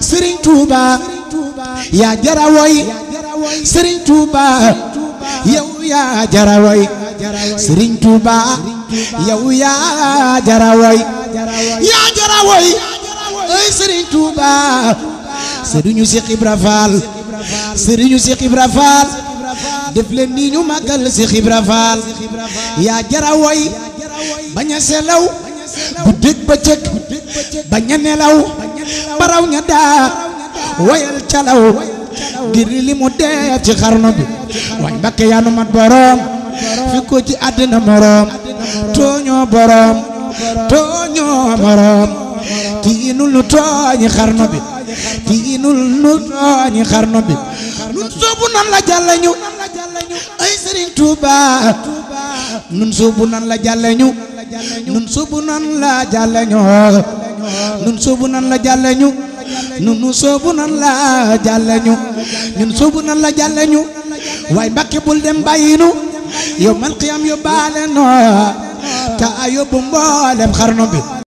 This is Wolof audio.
Serigne Touba yaa jara woy Serigne Touba yow yaa jara woy Serigne Touba yow yaa jara woy yaa ay Serigne Touba Serigne Cheikh Ibra Fall Serigne Cheikh Ibra Fall def leen nii ñu màggal Cheikh selaw bu ba cëg bañ nelaw baraw ña daa wayal calaw ngir li mu def ci xarnu bi waaye mbakke yaa nu mat boroom fi ko ci àddina moroom tooñoo boroom tooñoo moroom tiinul nu tooñi xarnu bi tiinul nu tooñi xarnu bi nun soobu nan la jàlle ñu ay nun soobu nan la jàlle ñu nun soobu nan la jàlle ñu nun soobu nan la jàlle ñu nun soobu nan la jàlle ñu ñun soobu nan la jàlle ñu waaye Mbàkke bul dem bàyyi nu yow mal xiyam yóbbaale noo ta a yóbbu mboolem xarnu bi